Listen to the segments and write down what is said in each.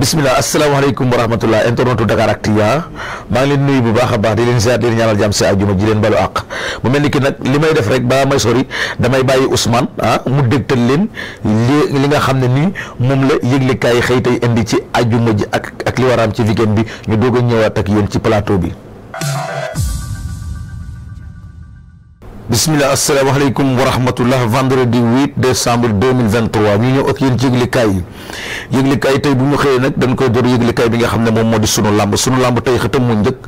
bisimilah asalaamaaleykum wa rahmatullah internetu Dakaractu yaa maa ngi leen nuyu bu baax a baax di leen ziar di leen ñaanal jàmm si àjjuma ji leen balu àq mu mel ni ki nag li may def rek ba may sori damay bàyyi Ousmane ah mu dégtal leen li li nga xam ne nii moom la yëglekaay yi xëy tey indi ci àjjuma ji ak ak li waraam ci weekend bi ñu doog a ñëwaat ak yéen ci plateau bi. bismillah alaykum wa rahmatullah vendredi 8 décembre 2023 ñu ñëw ak yéen ci yëglikaay yi yëglikaay yi bu ñu xey nak dañ koy door kay bi nga xamne mom modi sunu lamb sunu lamb tay xatam mu njëkk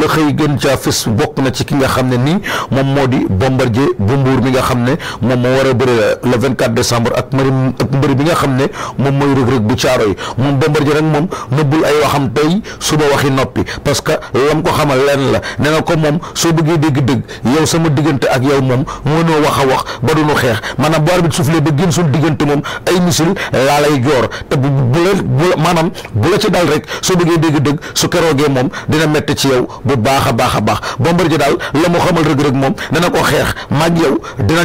la xey gën ci fës bok na ci ki nga xamne ni mom modi bombardier bombour bi nga xamne mom mo wara beure le 24 décembre ak marim ak mbëri bi nga xamne mom moy mooy rëg bu ciaroy mom bombardier rek mom nëbbul ay waxam tey suba waxi nopi parce que lam ko xamal lenn la nee na ko mom so bëggee deg deg yow sama digënté ak yow moom mënoo wax a wax ba duñu xeex maanaam bu arbitre soufflé ba génn suñu diggante moom ay misil laa lay joor te bu bu la maanaam bu la ci dal rek soo bëggee dégg-dëgg su keroogee moom dina métti ci yow bu baax a baax a baax Bombardier daal la mu xamal rëg-rëg moom dana ko xeex maag yow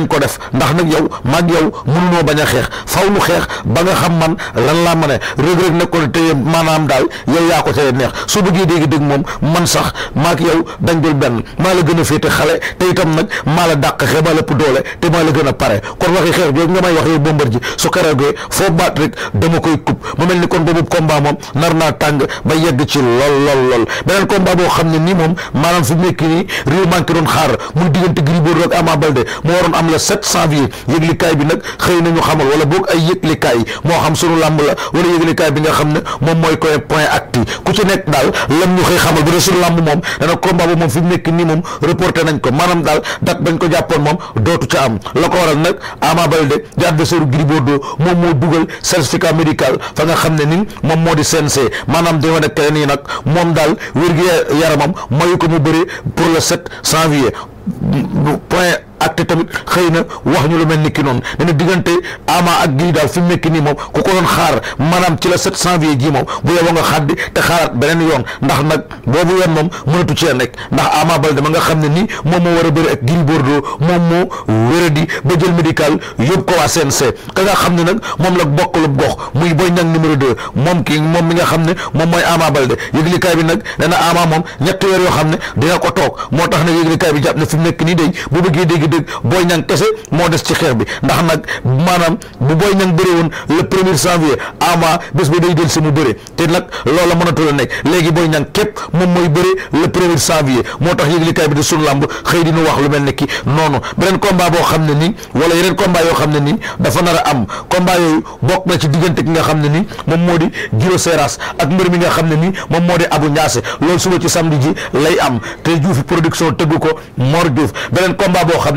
ko def ndax nag yow maag yow mënunoo bañ a xeex faw nu xeex ba nga xam man lan laa ma ne rëg-rëg nekkoon te maanaam daal yow yaa ko tey neex soo bëggee dégg-dëgg moom man sax maag yow dañ dul benn maa la gën a féete xale te itam nag maa la dàq xeex maa la ëpp doole te maa la gën a pare kon waxi xeex jooju nga may wax yow Bombardier su keroogee foo baat rek dama koy kub mu mel ni kon boobu combat moom moom fu mu nii moom mooy nañ ko maanaam daal date ba lañ ko jàppoon moom dootu ca am la ko waral nag Ama Baldé di adversaire Gris moom moo dugal certificat médical fa nga xam ne ni moom moo di CNG maanaam di wane keneen yi nag moom daal wér-gi-yaramam mayu ko mu bëri pour le 7 janvier point atte tamit xëy na wax ñu lu mel ni noonu ne diggante Ama ak Gris daal fi mu nekk nii moom ku ko doon xaar maanaam ci la sept janvier ji moom bu yeboo nga xaddi te xaaraat beneen yoon ndax nag boobu yoon moom mënatu moo a bëri ak Gris Bordeaux moom moo wéradi ba jël médical moom la bokkalub gox muy Boy Niang numéro xam ne moom mooy Ama Baldé yëglikaay bi nag nee na Ama yoo xam ne dina ko toog moo tax nag yëglikaay bi jàpp ne fi mu nii day bu bëggee dégg dëgg Boy Niang kese moo des ci xeex bi ndax nag maanaam bu Boy Niang bëree woon le premier janvier ama bés bi day jël si mu bëree te nag loola mënatul a nekk léegi Boy Niang képp moom mooy bëree le premier janvier moo tax yëglikaay bi di sunu làmb xëy di wax lu mel ne ki noonu beneen combat boo xam ne nii wala yeneen combat yoo xam ne nii dafa nar am combat yooyu bokk na ci diggante ki nga xam ne nii moom moo di Giro Seras ak mbër mi nga xam ne ni moom moo di Abu Ñaase loolu suba ci samedi ji lay am te Diouf ko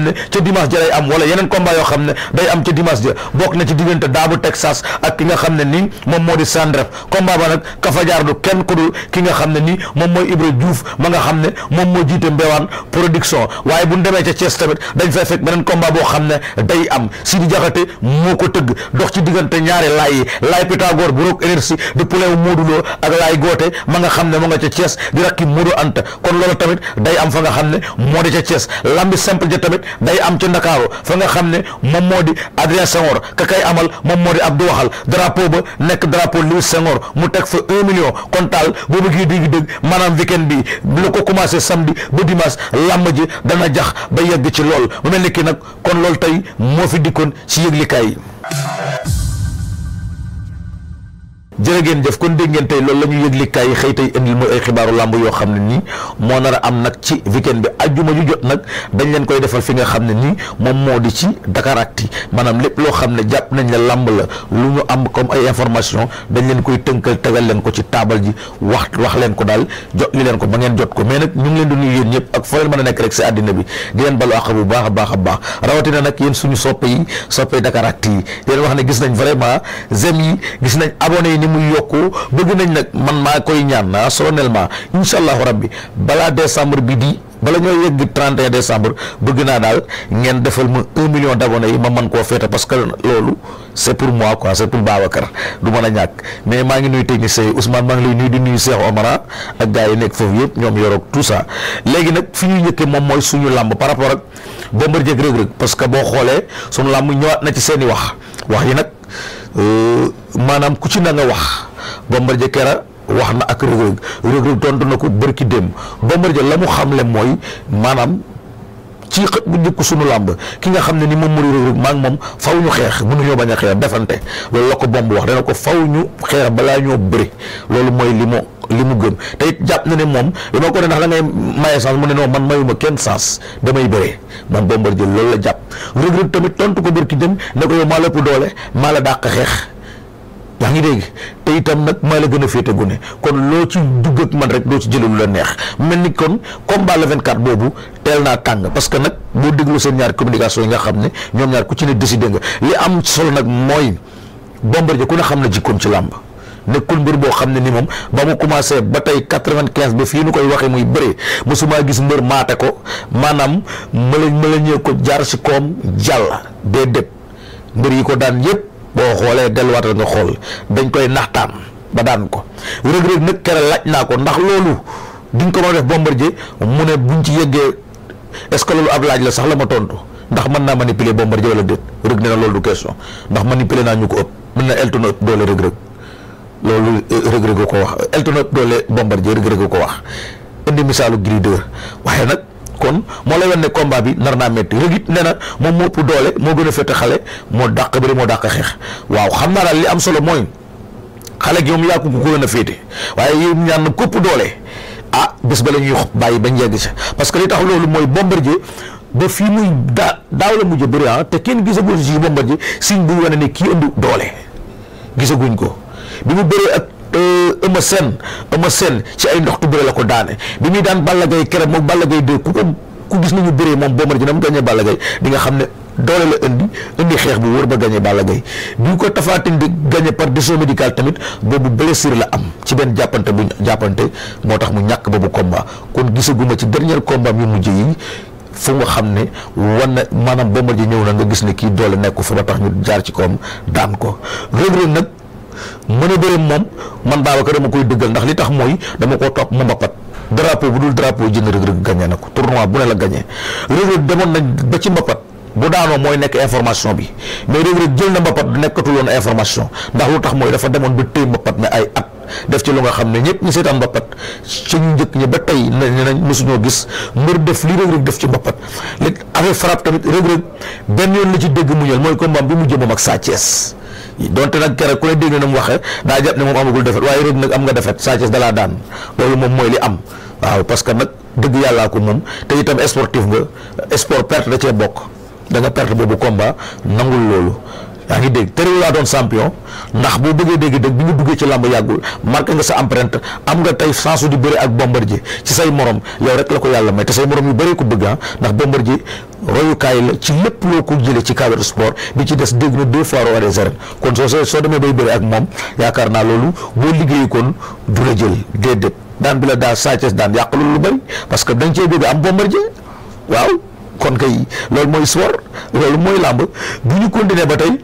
ne ca dimanche ja lay am wala yeneen combat yoo xam ne day am ca dimanche ja bokk na ci diggante daabu Texas ak ki nga xam ne ni moom moo di Sandref combat ba nag kafa jaar du kenn ku dul ki nga xam ne ni moom mooy Ibra Diouf ma nga xam ne moom moo jiite Mbewaan production waaye bu ñu demee ca Thiès tamit dañ fay fekk boo xam ne day am Sidi Diakhaté ko tëgg dox ci diggante ñaari laay yi laay Pythagore bu roog énergie di poulew Modou Lo ak laay goote ma nga xam ne mu nga ca Thiès di rakki Modou Anta kon loolu tamit day am fa nga xam ne moo di ca Thiès lambi simple ja tamit day am ci ndakaaru fa nga xam ne moom moo di Adrien Senghor ka kay amal moom moo di Abdou Waxal drapeau ba nekk drapeau Louis Senghor mu teg fa un million kon taal boo bëggee dégg dégg maanaam weekend bi lu ko commencé samedi ba dimanche làmb ji dana jax ba yegg ci lool mu mel ni nag kon loolu tey moo fi dikkoon ci yëglikaay yi jërë ngeen jëf kon dégg ngeen tey loolu la ñu yëgle kaay yi xëy tey indil mooy ay xibaaru làmb yoo xam ne nii moo nar a am nag ci weekend bi ajjuma ju jot nag dañ leen koy defal fi nga xam ne nii moom moo di ci Dakaractu maanaam lépp loo xam ne jàpp nañ la làmb la lu ñu am comme ay information dañ leen koy tënkal tegal leen ko ci taabal ji wax wax leen ko daal jot li leen ko ba ngeen jot ko mais nag ñu ngi leen di nuyu yéen ñëpp ak foo leen mën a nekk rek si àddina bi di leen balu àq bu a baax a baax rawatina nag suñu soppe yi soppe Dakaractu yi yéen wax ne gis nañ vraiment zem yi ni muy yokku bëgg nañ nak man ma koy ñaan na ah, solennellement inshallah rabbi bala décembre bi di bala ñoy yegg 31 décembre bëgg na dal ngeen defal ma 1 million d'abonnés yi ma man ko fété parce que lolu c'est pour moi quoi c'est pour Babacar du mëna ñak mais ma ngi nuy technicien yi Ousmane ma ngi nuy di nuy Cheikh Omara ah, ak gaay yi nekk foofu yëpp ñoom yoroog tout ça légui nak fi ñu ñëkke mom moy suñu lamb par rapport ak Bombardier Reug Reug parce que bo xolé suñu lamb ñëwaat na ci seeni wax wax yi nak Euh, maanaam ku ci na nga wax Bombardier a wax na ak Reug Reug Reug tontu na ko ki dem Bombardier la mu xamle mooy maanaam ci xët bu njëkk sunu làmb ki nga xam ne ni moom mu Reug Reug maa ngi moom faw ñu xeex mënuñoo bañ a xeex defante loolu la ko bomb wax dana ko faw ñu xeex balaa ñoo bëri loolu mooy li mu li mu gëm tey jàpp na ne moom li ko ne ndax da ngay maye sens mu ne non man mayuma kenn sens damay bëree moom Bombardier loolu la jàpp Reug Reug tamit tontu ko bër ki jëm ne ko yow maa la ëpp doole maa la dàq xeex yangi deg te itam nak ma la gëna fété guné kon lo ci dugg ak man rek do ci jëlul la neex melni kon combat le 24 bobu teel naa tàng parce que nak bo déglu sen ñaar communication yi nga xamné ñom ñaar ku ci ne décider nga li am solo nag mooy Bombardier ku na xamné ci kon ci lamb nekkul kul mbir bo xamné ni mom ba mu commencé ba tey quatre-vingt-quinze ba fii nu koy waxee muy bëree mosuma gis mbër maté ko manam maanaam mëlañ ñëw ko jaar ci kom jalla dé dé mbir yi ko daan yépp boo xoolee delluwaatal nga xool dañ koy naxtaan ba daan ko rëg-rëg nag kere laaj naa ko ndax loolu duñ ko mën a def bombardier mu ne bu buñ ci yëggee est-ce que loolu ab laaj la sax la ma tontu ndax mën naa manipuler bombardier wala déet rëg ne na loolu du question ndax manipuler naa ñu ko ëpp mën na eltu na ëpp doole rëg-rëg loolu rëg-rëg ko wax eltu na ëpp doole bombardier rëg-rëg ko wax indi misaalu gri deux waaye nag kon moo lay wan ne combat bi nar naa métti rëgg it nee na moom moo ëpp doole moo gën a féete xale moo dàq bëri moo dàq xeex waaw xam naa daal li am solo mooy xale gi moom yaa ko gën a féete waaye yow ñaan na képp doole ah bés ba la ñuy bàyyi bañ yegg sa parce que li tax loolu mooy Bombardier ba fii muy daa daaw la mujj bari ah te kenn gisagul si Bombardier signe bu wane ne kii indi doole gisaguñ ko bi mu bëree ak. Eumeu Sène Eumeu Sène ci ay ndoxtu bëre la ko daane bi muy daan Balla Gaye keroog moom Balla Gaye de ku ko ku gis nañu bëree moom boo mën a jënd am gagné di nga xam ne doole la indi indi xeex bu wër ba gagné Balla Gaye bi ko tafaatin di gagné par décision médicale tamit boobu blessure la am ci benn jàppante bu jàppante moo tax mu ñàkk boobu combat kon gisaguma ci dernier combat yu mujj yi fu nga xam ne wan na maanaam Bombardier ñëw na nga gis ne kii doole nekku fa ba tax ñu jaar ci koom daan ko mën a bëre moom man Babacar dama koy dëggal ndax li tax mooy dama koo topp mu mbapat drapeau bu dul drapeau jënd Reug Reug gagné na ko tournoi bu ne la gagné Reug Reug demoon nañ ci mbapat bu daanoo mooy nekk information bi mais Reug Reug jël na mbapat du nekkatuloon information ndax lu tax mooy dafa demoon ba tey mbapat ne ay at def ci lu nga xam ne ñëpp ñu seetaan mbapat ci ñu njëkk ñi ba tey ne nañ mosuñoo gis mbër def li Reug Reug def ci mbapat li avec frappe tamit Reug Reug benn yoon la ci dégg mu ñël mooy combat bi mu jëmoom ak Sa Thiès donte nag keroog ku ne dégg na mu waxee daa jàpp ne moom amagul defet waaye rëg nag am nga defet Sa Thiès dalaa daan loolu moom mooy li am waaw parce que nag dëgg yàllaa ko moom te itam sportif nga sport perte da cee bokk da nga perte boobu combat nangul loolu yaa ngi dégg terewul laa doon champion ndax boo bëggee dégg dégg bi nga duggee ci làmb yàggul marqué nga sa empreinte am nga tey chance di bëri ak Bombardier ci say moroom yow rek la ko yàlla may te say morom yu bëree ko bëgg ndax ah. ndax Bombardier royukaay la ci lépp loo ko jëlee ci cadre sport bi ci des dégg na deux fois roi des arènes kon soo soo soo demee bay bëri ak moom yaakaar naa loolu boo liggéey kon du la jël déedéet daan bi la daal Sa Thiès daan yàq loolu lu bëri parce que dañ cee dégg am Bombardier waaw kon kay loolu mooy sport loolu mooy làmb bu ba tey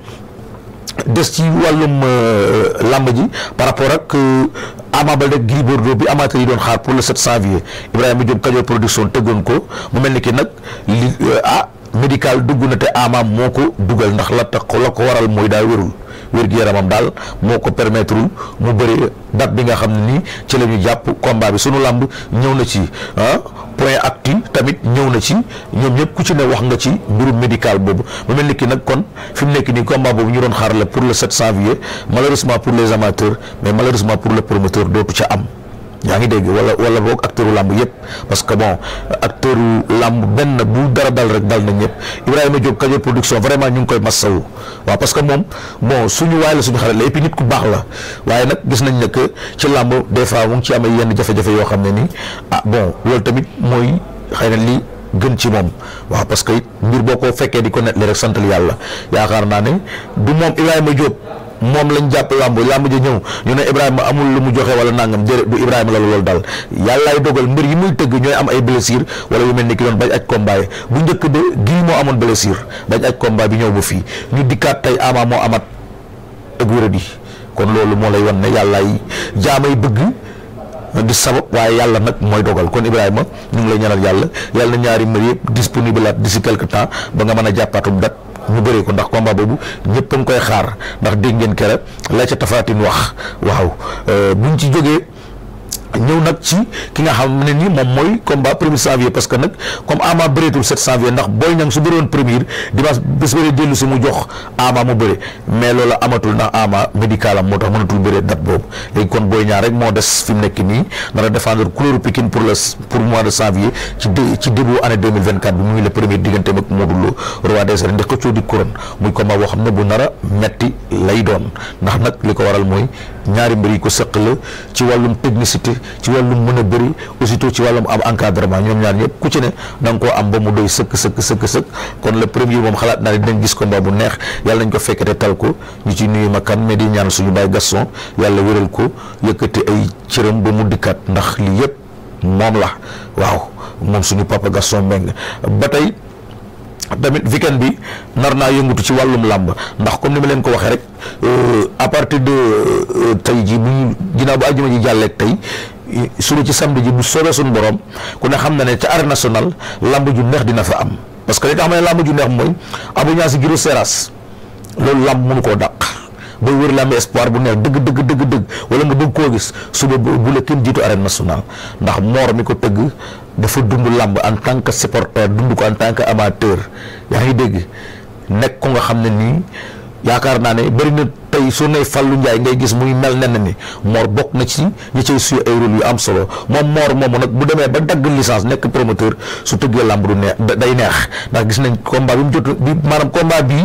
des ci wàllum euh, làmb ji par rapport ak euh, Ama ba Gris Bordeaux bi amateur yi doon xaar pour le 7 janvier Ibrahima Diop Kajoor production tëggoon ko mu mel ni ki nag li euh, ah médical dugg na te Ama moo ko dugal ndax la tax la ko waral mooy daa wérul. wér-gu-yaramam daal moo ko permettre mu bëri date bi nga xam ne nii ci la ñu jàpp komba bi sunu làmb ñëw na ci ah point actu tamit ñëw na ci ñoom ñëpp ku ci ne wax nga ci mbirum médical boobu mu mel ni ki nag kon fi mu nii combat boobu ñu doon xaar la pour le 7 janvier malheureusement pour les promoteur dootu ca am. yaa ngi dégg wala wala boo acteur u làmb yëpp parce que bon acteur u làmb benn bu dara dal rek dal na ñëpp Ibrahima Diop Kajoor production vraiment ñu ngi koy massawu waaw parce que moom bon suñu waay la suñu xarit la et puis nit ku baax la waaye nag gis nañ ne que ci làmb des fois mu ngi ci amee yenn jafe-jafe yoo xam ne nii ah bon loolu tamit mooy xëy na lii gën ci moom waaw parce que it mbir boo ko fekkee di ko nettali rek santal yàlla yaakaar naa ne du moom Ibrahima Diop. moom lañ jàpp làmb làmb ja ñëw ñu ne Ibrahima amul lu mu joxe wala nangam déedéet du Ibrahima la loolu daal yàllaay dogal mbir yi muy tëgg ñooy am ay blessure wala yu mel ni ki doon bañ aj combat yi bu njëkk de gii moo amoon blessure bañ aj combat bi ñëw ba fii ñu dikkaat tey ama moo amat ak wéradi kon loolu moo lay wan ne yàllaay jaamay bëgg di sabab waaye yàlla nag mooy dogal kon Ibrahima ñu ngi lay ñaanal yàlla yàlla na ñaari mbir yëpp disponible at d'ici quelque temps ba nga mën a jàppaatum dat ñu bëri ko ndax combat boobu ñëpp a koy xaar ndax dégg ngeen kera la ca tafaatin wax waaw euh, buñ ci jógee ñëw nak ci ki nga xam ni mom moy combat premier janvier parce que nak comme ama bëreetul 7 janvier ndax Boy ñang su bëroon premier dimanche bes bëre dellu su mu jox ama mu bëre mais loolu amatul ndax ama médical am motax mënatul bëre dat bob légui kon Boy ñaar rek mo des fim nek ni dara défendre couleur Pikine pour le pour mois de janvier ci ci début année 2024 bu muy le premier digënté mak Modou Lo roi des rendez ndax ko di couronne muy combat boo xam ne bu nara metti lay doon ndax nak liko waral moy ñaari mbiri ko sekk la ci walum technicité ci wàllum mën a bëri aussitôt ci wàllum am encadrement ñoom ñaan ñëpp ku ci ne da nga koo am ba mu doy sëkk sëkk sëkk kon le premier moom xalaat naa ne dinañ gis combat bu neex yàlla nañ ko fekk te tal ko ñu ci nuyu ma kan mais di ñaan suñu baay Gaston yàlla wéral ko yëkkati ay cëram ba mu dikkaat ndax lii yëpp moom la waaw moom suñu papa Gaston Mbengue ba tey tamit weekend bi nar naa yëngatu ci wàllum làmb ndax comme ni ma leen ko waxee rek euh, à partir de euh, tey ji bu ñu ginnaaw bu àjjuma ji jàlleeg tey suñu ci samedi ji bu soobee suñu borom ku ne xam na ne ca arène national làmb ju neex dina fa am parce que li nga xam ne làmb ju neex mooy Abou si Guiro Seras loolu làmb mënu koo dàq booy wër làmb espoir bu neex dëgg dëgg dëgg dëgg nga bëgg ko gis suba bu la kenn jiitu arène nationale ndax mor mi ko teug dafa dund lamb en tant que supporter dund ko en tant que amateur yaa ngi dégg nekk ko nga xam ni nii na ne na tay su nee fallu Ndiaye ngay gis muy mel ne ni Mor bok na ci ñi ci su ay rôle yu am solo mom Mor mom nak bu demee ba dag licence nek promoteur su teug lamb du neex day neex ndax gis nañ combat bi mu jot bi manam combat bi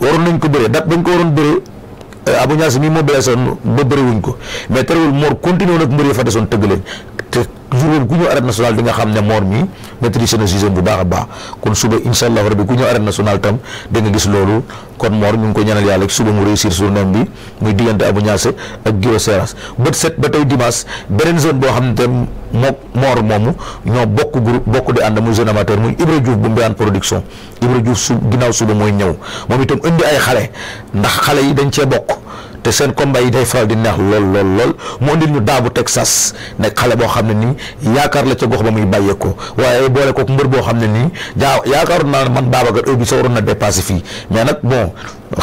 waroon nañ ko bëree dat dañ ko waroon Abou Niass mii moo blessoon ba bëriwuñ ko mais terewul Mor continué woon ak mbër yi fa desoon tëgg joueur ku ñëw arène nationale di nga xam ne Mor mi maîtrise na bu baax a baax kon suba incha allah rabbi ku ñëw arène nationale tam da gis loolu kon Mor ñu ngi ko ñaanal yàlla suba mu réussir journée bi muy diggante Abou Niasse ak Guiro Seras bët set ba tey dimanche beneen zone boo xam ne tam mook Mor moomu ñoo bokk groupe bokk di ànd muy jeune amateur muy Ibra Diouf bu Mbiyaan production Ibra Diouf su ginnaaw suba mooy ñëw moom itam indi ay xale ndax xale yi dañ cee bokk. te sen combat yi day faral di neex lol lol lol mo indil ñu daabu Texas nekk xale bo xamne ni yaakar la ci gox ba muy bàyyeekoo waaye boole ko mbër boo xam ne nii jaa yaakaaroon man Babacar ga bi sooro na dépasser fi mais nak bon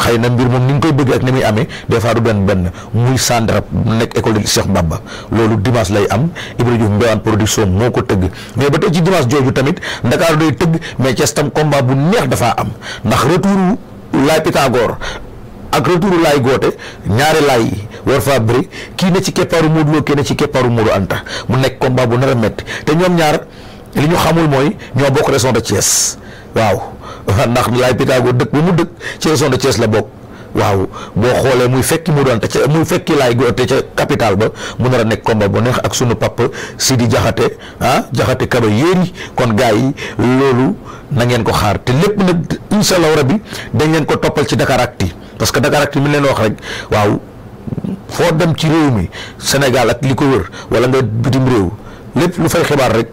xeyna mbir mom ni nga koy bëgg ak ni muy amé des fois du ben ben muy sandra nek école de Cheikh baba lolou dimanche lay am ibrahim Diouf production moko teug mais ba tey ci dimanche joju tamit Ndakaaru doy teug mais ci stam combat bu neex dafa am ndax retour la Pythagore ak retour laay goote ñaare laay yi war faa kii ne ci keppaaru Modou Lo kii ne ci keppaaru Modou Anta mu nekk combat bu nar a métti te ñoom ñaar li ñu xamul mooy ñoo bokk région de Thiès waaw ndax laay Pythagore dëkk bi mu dëkk ci région de Thiès la bokk. waaw boo xoolee muy fekki mu doon te ca muy fekki laay goote ca capital ba mu nar a nekk combat bu neex ak sunu papa di Jaxate ah Jaxate Kaba yéeri kon gars yi loolu na ngeen ko xaar te lépp nag incha allahu rabi dañ leen ko toppal ci Dakaractu parce que Dakaractu mu leen wax rek waaw foo dem ci réew mi Sénégal ak li ko wër walla nga bitim réew lépp lu fay xibaar rek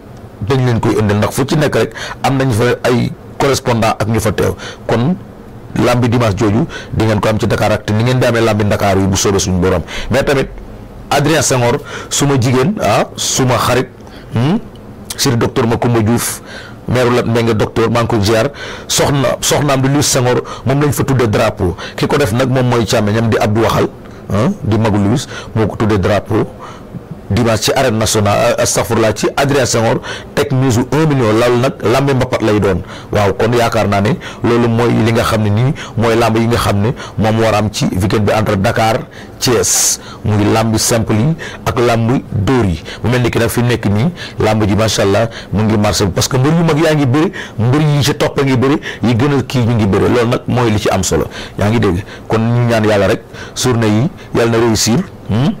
dañ leen koy indil ndax fu ci nekk rek am nañ fa ay correspondant ak ñu fa teew kon. làmbi dimanche jooju di ngeen ko am ci Dakar ak te ni ngeen di amee làmbi Dakar yi bu soobee suñu borom mais tamit Adrien Senghor suma jigéen ah suma xarit hmm, sir ma Macoumba Diouf meeru la Mbengue docteur maa ngi ko ziar soxna soxnaam di Louis Senghor moom lañ fa tuddee drapeau ki ko def nag moom mooy càmmeñam di Abdou Waxal ah, di magu Louis moo ko tuddee drapeau. dimanche ci arène nationale euh, astafurla ci Adrien Senghor teg mise u un million lal nag lambi mbapat lay doon waaw kon yaakaar naa ne loolu mooy li nga xam ne nii mooy lamb yi nga xam ne moom war am ci weekend bi entre Dakar Thiès muy lamb simple yi ak lamb dóor yi mu mel ni ki nag fi nekk nii lamb ji macha allah mu ngi marché parce que mbër yu mag yaa ngi bëri mbër yi ci topp a ngi bëri yi gëna kii ñu ngi bëri loolu nag mooy li ci am solo yaa ngi dégg kon ñu ñaan yàlla rek journée yi yàlla na réussir. Hmm?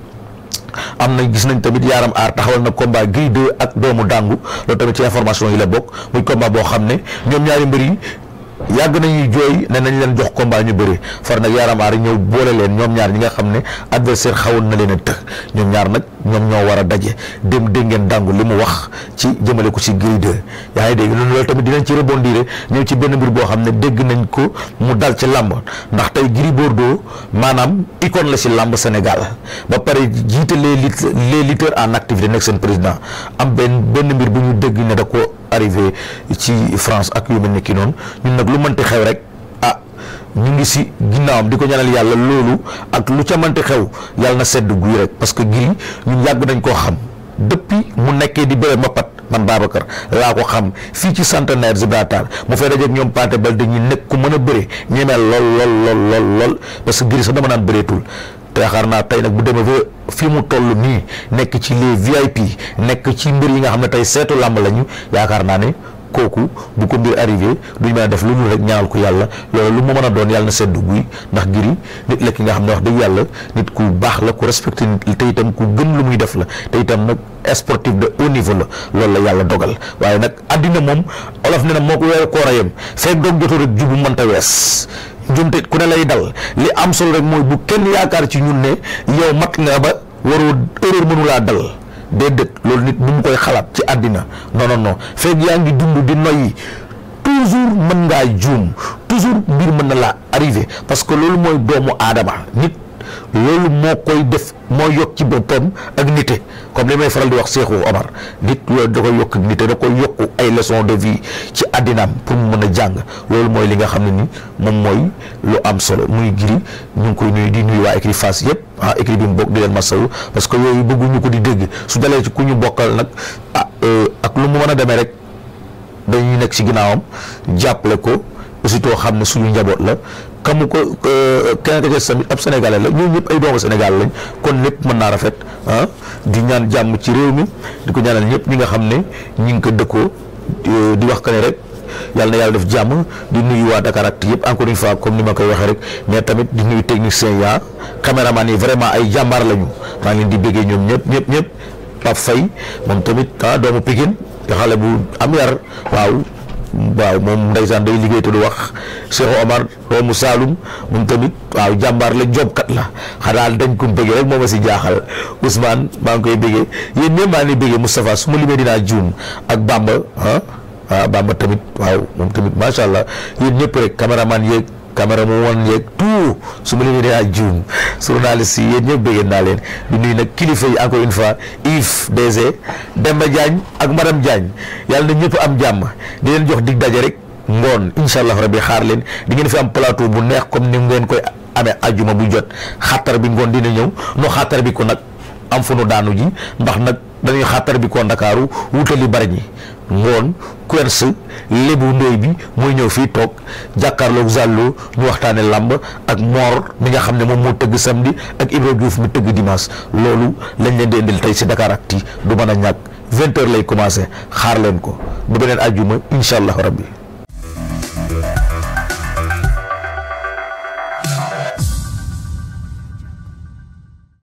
am na gis nañ tamit yaaram aar taxawal na combat Gris 2 ak doomu dàngu loolu tamit ci information yi la bokk muy combat boo xam ne ñoom ñaari mbër yi yàgg nañuy jooy ne nañ leen jox combat ñu bëri far nag yaaramaar ñëw boole leen ñoom ñaar ñi nga xam ne adversaire xawoon na leen a të ñoom ñaar nag ñoom ñoo war a daje dem dégg ngeen dàngu li mu wax ci jëmale ko ci Gris 2 yaa ngi dégg loolu tamit dinañ ci rebondir ñëw ci benn mbir boo xam ne dégg nañ ko mu dal ci làmb ndax tey Gris Bordeaux maanaam icône la ci làmb Sénégal ba pare jiite les lutteurs en activité nekk seen président am benn benn mbir bu ñu dégg ne da ko arrivé ci France ak yu mel ni ki noonu ñun nag lu mënti xew rek ah ñu ngi si ginnaawam di ko ñaanal yàlla loolu ak lu ca mënti xew yàlla na sedd guy rek parce que giri ñun yàgg nañ koo xam depuis mu nekkee di bëre pat man Babacar laa ko xam fii ci centenaire baataal mu fay dajeeg ñoom Paate Balde ñu nekk ku mën a bëre ñemeel lool lool lool lool lool parce que giri sax dama naan bëreetul te yaakaar naa tey nag bu demee ba fi mu toll nii nekk ci les VIP nekk ci mbir yi nga xam ne tey seetu làmb lañu yaakaar naa ne kooku bu ko mbir arrivé duñ mën a def lu ñu rek ñaanal ko yàlla loolu lu mu mën a doon yàlla na sedd guy ndax giri nit la nga xam ne wax dëgg yàlla nit ku baax la ku respecté nit te itam ku gën lu muy def la te itam nag sportif de haut niveau la loolu la yàlla dogal waaye nag àddina moom olof ne na moo ko weeru koor a yem feeg jumte ku ne lay dal li am solo rek mooy bu kenn yaakaar ci ñun ne yow mat nga ba waroo erreur mënulaa dal déedéet loolu nit bu mu koy xalaat ci àddina non non non fekk yaa ngi dund di noyyi toujours mën ngaa juum toujours mbir mën na laa arrivé parce que loolu mooy doomu aadama nit. loolu moo koy def moo yokk ci boppam ak nite comme li may faral di wax Seexu Omar nit loolu da koy yokk ak nite da koy yokk ay leçon de vie ci àddinaam pour mu mën a jàng loolu mooy li nga xam ne ni moom mooy lu am solo muy giri ñu ngi koy nuy di nuyu waa écrit yëpp ah écrit bi mu bokk di leen masawu parce que yooyu bëgguñu ko di dégg su dalee ci ku ñu bokkal nag ah euh, ak lu mu mën a demee rek dañuy nekk ci ginnaawam jàppale ko aussi too xam ne suñu njaboot la kamu ko keneen euh, ka ca ab Sénégalais la ñëpp ay doomu Sénégal lañ kon lépp mën naa rafet ah di ñaan jàmm ci réew mi di ko ñaanal ñëpp ñi nga xam ne ñi ngi ko dëkkoo di euh, wax que ne rek yàlla na yàlla def jàmm di nuyu waa yëpp encore une comme ni ma koy waxee rek mais tamit di nuyu techniciens yaa caméraman yi vraiment ay jàmbaar lañu maa ngi di béggee ñoom ñëpp ñëpp ñëpp Pape Faye moom tamit ah doomu Pikine nga xale bu am yar waaw. waaw moom ndeysaan day liggéey te du wax Cheikh Omar doomu Saalum moom tamit waaw jàmbaar la jobkat la xanaa dañ ko bëggee rek moom a si jaaxal Ousmane maa ngi koy bëggee yéen ñëpp maa ngi bëggee Moustapha su ma limee dinaa juum ak Bamba ah, ah Bamba tamit waaw moom tamit macha allah yéen ñëpp rek caméraman yeeg. caméra mu woon yeeg tout su ma limee ak juum journaliste yi yéen ñëpp bëggee naa leen di nuyu nag kilifa yi encore une fois Yves DG Demba ak madame jaañ yàlla na ñëpp am jàmm di leen jox dig daje rek ngoon incha allah rabbi xaar leen di ngeen fi am plateau bu neex comme ni ngeen koy amee ajuma bu jot xattar bi ngoon dina ñëw no xattar bi ko nag am fu nu daanu ji ndax nag. dañuy xàttar bi ko ndakaaru wutali bari ñi ngoon Quench lébu ndóoy bi mooy ñëw fii toog jàkkaarloog Zallo ñu waxtaane làmb ak Mor mi nga xam ne moom moo tëgg samedi ak Ibra Diouf mi tëgg dimaas loolu lañ leen di indil tey si Dakaractu du mën a ñàkk vingt lay commencé xaar leen ko ba beneen àjjuma incha allah rabbi